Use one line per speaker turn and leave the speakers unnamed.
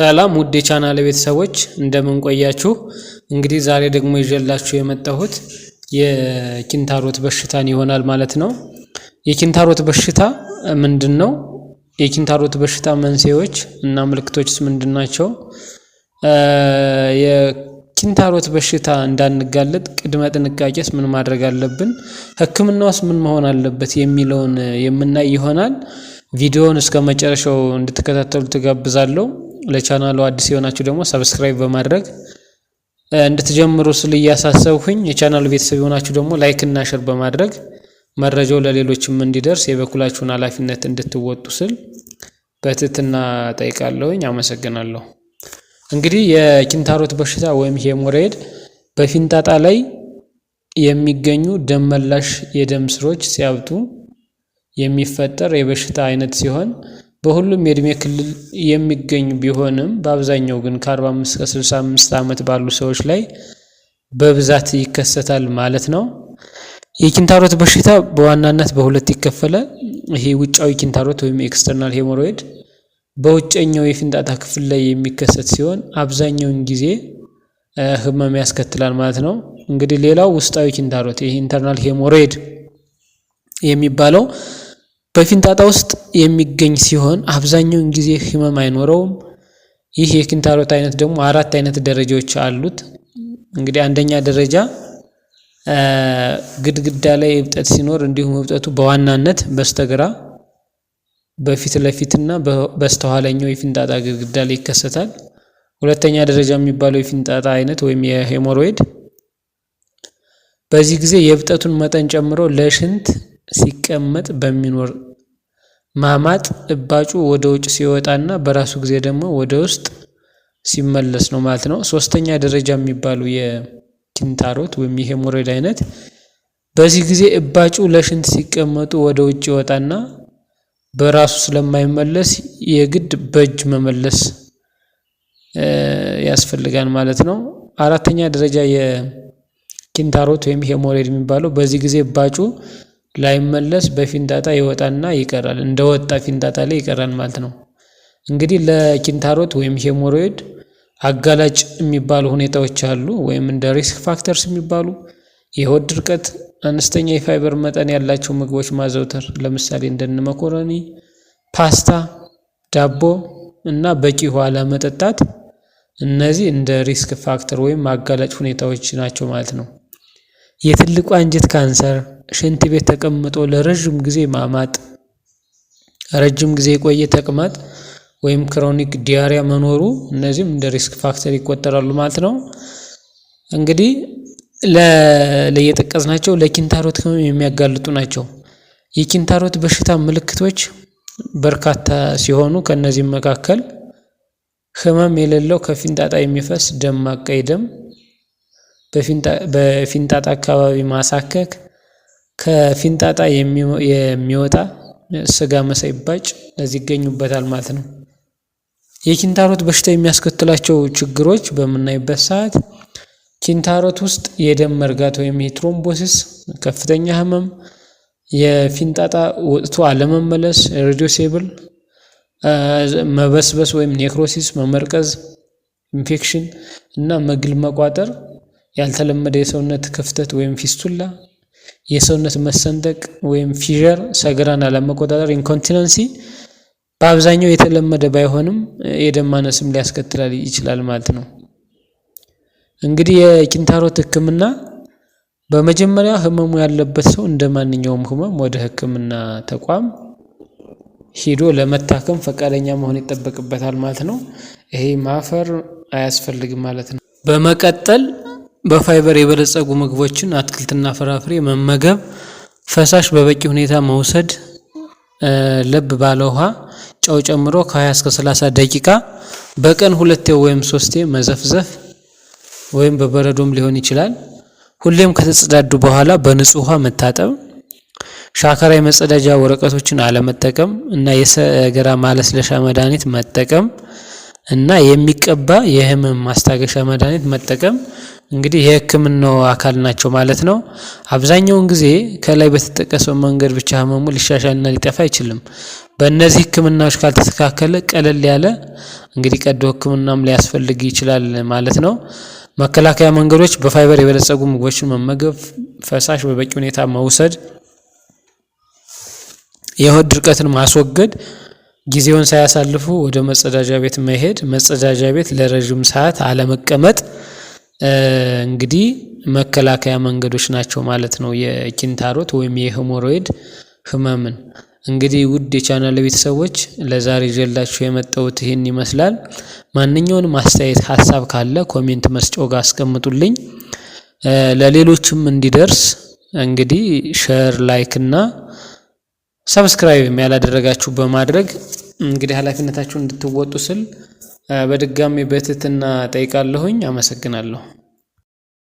ሰላም ውድ የቻናል ቤተሰቦች እንደምን ቆያችሁ? እንግዲህ ዛሬ ደግሞ ይዤላችሁ የመጣሁት የኪንታሮት በሽታን ይሆናል ማለት ነው። የኪንታሮት በሽታ ምንድን ነው? የኪንታሮት በሽታ መንስኤዎች እና ምልክቶችስ ምንድን ናቸው? የኪንታሮት በሽታ እንዳንጋለጥ ቅድመ ጥንቃቄስ ምን ማድረግ አለብን? ሕክምናውስ ምን መሆን አለበት? የሚለውን የምናይ ይሆናል። ቪዲዮውን እስከ መጨረሻው እንድትከታተሉ ትጋብዛለሁ። ለቻናሉ አዲስ የሆናችሁ ደግሞ ሰብስክራይብ በማድረግ እንድትጀምሩ ስል እያሳሰብኩኝ የቻናሉ ቤተሰብ የሆናችሁ ደግሞ ላይክ እና ሼር በማድረግ መረጃው ለሌሎችም እንዲደርስ የበኩላችሁን ኃላፊነት እንድትወጡ ስል በትህትና ጠይቃለሁኝ። አመሰግናለሁ። እንግዲህ የኪንታሮት በሽታ ወይም ሄሞሬድ በፊንጣጣ ላይ የሚገኙ ደም መላሽ የደም ስሮች ሲያብጡ የሚፈጠር የበሽታ አይነት ሲሆን በሁሉም የእድሜ ክልል የሚገኝ ቢሆንም በአብዛኛው ግን ከ45 እስከ 65 ዓመት ባሉ ሰዎች ላይ በብዛት ይከሰታል ማለት ነው። የኪንታሮት በሽታ በዋናነት በሁለት ይከፈላል። ይሄ ውጫዊ ኪንታሮት ወይም ኤክስተርናል ሄሞሮይድ በውጨኛው የፊንጣጣ ክፍል ላይ የሚከሰት ሲሆን አብዛኛውን ጊዜ ህመም ያስከትላል ማለት ነው። እንግዲህ ሌላው ውስጣዊ ኪንታሮት ይሄ ኢንተርናል ሄሞሮይድ የሚባለው በፊንጣጣ ውስጥ የሚገኝ ሲሆን አብዛኛውን ጊዜ ህመም አይኖረውም። ይህ የኪንታሮት አይነት ደግሞ አራት አይነት ደረጃዎች አሉት። እንግዲህ አንደኛ ደረጃ ግድግዳ ላይ እብጠት ሲኖር እንዲሁም እብጠቱ በዋናነት በስተግራ በፊት ለፊትና በስተኋለኛው የፊንጣጣ ግድግዳ ላይ ይከሰታል። ሁለተኛ ደረጃ የሚባለው የፊንጣጣ አይነት ወይም የሄሞሮይድ በዚህ ጊዜ የእብጠቱን መጠን ጨምሮ ለሽንት ሲቀመጥ በሚኖር ማማጥ እባጩ ወደ ውጭ ሲወጣና በራሱ ጊዜ ደግሞ ወደ ውስጥ ሲመለስ ነው ማለት ነው። ሶስተኛ ደረጃ የሚባሉ የኪንታሮት ወይም የሄሞሮይድ አይነት በዚህ ጊዜ እባጩ ለሽንት ሲቀመጡ ወደ ውጭ ይወጣና በራሱ ስለማይመለስ የግድ በእጅ መመለስ ያስፈልጋል ማለት ነው። አራተኛ ደረጃ የኪንታሮት ወይም ሄሞሬድ የሚባለው በዚህ ጊዜ እባጩ ላይመለስ በፊንጣጣ ይወጣና ይቀራል እንደወጣ ፊንጣጣ ላይ ይቀራል ማለት ነው። እንግዲህ ለኪንታሮት ወይም ሄሞሮይድ አጋላጭ የሚባሉ ሁኔታዎች አሉ። ወይም እንደ ሪስክ ፋክተርስ የሚባሉ የሆድ ድርቀት፣ አነስተኛ የፋይበር መጠን ያላቸው ምግቦች ማዘውተር፣ ለምሳሌ እንደነ መኮረኒ፣ ፓስታ፣ ዳቦ እና በቂ ኋላ መጠጣት እነዚህ እንደ ሪስክ ፋክተር ወይም አጋላጭ ሁኔታዎች ናቸው ማለት ነው። የትልቁ አንጀት ካንሰር፣ ሽንት ቤት ተቀምጦ ለረጅም ጊዜ ማማጥ፣ ረጅም ጊዜ የቆየ ተቅማጥ ወይም ክሮኒክ ዲያሪያ መኖሩ እነዚህም እንደ ሪስክ ፋክተር ይቆጠራሉ ማለት ነው። እንግዲህ ናቸው ለኪንታሮት ህመም የሚያጋልጡ ናቸው። የኪንታሮት በሽታ ምልክቶች በርካታ ሲሆኑ ከእነዚህም መካከል ህመም የሌለው ከፊንጣጣ የሚፈስ ደማቅ ቀይ ደም በፊንጣጣ አካባቢ ማሳከክ ከፊንጣጣ የሚወጣ ስጋ መሳይ ባጭ እነዚህ ይገኙበታል ማለት ነው። የኪንታሮት በሽታ የሚያስከትላቸው ችግሮች በምናይበት ሰዓት ኪንታሮት ውስጥ የደም መርጋት ወይም የትሮምቦሲስ ከፍተኛ ህመም፣ የፊንጣጣ ወጥቶ አለመመለስ ሬዲዮሴብል፣ መበስበስ ወይም ኔክሮሲስ፣ መመርቀዝ፣ ኢንፌክሽን እና መግል መቋጠር ያልተለመደ የሰውነት ክፍተት ወይም ፊስቱላ፣ የሰውነት መሰንጠቅ ወይም ፊዠር፣ ሰገራን አለመቆጣጠር ኢንኮንቲነንሲ በአብዛኛው የተለመደ ባይሆንም የደም ማነስም ሊያስከትላል ይችላል ማለት ነው። እንግዲህ የኪንታሮት ሕክምና በመጀመሪያ ህመሙ ያለበት ሰው እንደ ማንኛውም ህመም ወደ ሕክምና ተቋም ሂዶ ለመታከም ፈቃደኛ መሆን ይጠበቅበታል ማለት ነው። ይሄ ማፈር አያስፈልግም ማለት ነው። በመቀጠል በፋይበር የበለጸጉ ምግቦችን አትክልትና ፍራፍሬ መመገብ፣ ፈሳሽ በበቂ ሁኔታ መውሰድ፣ ለብ ባለ ውሃ ጨው ጨምሮ ከ20 እስከ 30 ደቂቃ በቀን ሁለቴ ወይም ሶስቴ መዘፍዘፍ ወይም በበረዶም ሊሆን ይችላል። ሁሌም ከተጸዳዱ በኋላ በንጹህ ውሃ መታጠብ፣ ሻካራ የመጸዳጃ ወረቀቶችን አለመጠቀም እና የሰገራ ማለስለሻ መድኃኒት መጠቀም እና የሚቀባ የህመም ማስታገሻ መድሃኒት መጠቀም እንግዲህ የህክምናው አካል ናቸው ማለት ነው። አብዛኛውን ጊዜ ከላይ በተጠቀሰው መንገድ ብቻ ህመሙ ሊሻሻልና ሊጠፋ አይችልም። በእነዚህ ህክምናዎች ካልተስተካከለ ቀለል ያለ እንግዲህ ቀዶ ህክምናም ሊያስፈልግ ይችላል ማለት ነው። መከላከያ መንገዶች በፋይበር የበለጸጉ ምግቦችን መመገብ፣ ፈሳሽ በበቂ ሁኔታ መውሰድ፣ የሆድ ድርቀትን ማስወገድ ጊዜውን ሳያሳልፉ ወደ መጸዳጃ ቤት መሄድ፣ መጸዳጃ ቤት ለረዥም ሰዓት አለመቀመጥ እንግዲህ መከላከያ መንገዶች ናቸው ማለት ነው የኪንታሮት ወይም የሄሞሮይድ ህመምን። እንግዲህ ውድ የቻናል ቤተሰቦች ለዛሬ ይዤላችሁ የመጣሁት ይህን ይመስላል። ማንኛውንም አስተያየት ሀሳብ ካለ ኮሜንት መስጫው ጋር አስቀምጡልኝ። ለሌሎችም እንዲደርስ እንግዲህ ሸር ላይክ እና ሰብስክራይብ ያላደረጋችሁ በማድረግ እንግዲህ ኃላፊነታችሁን እንድትወጡ ስል በድጋሚ በትህትና ጠይቃለሁኝ። አመሰግናለሁ።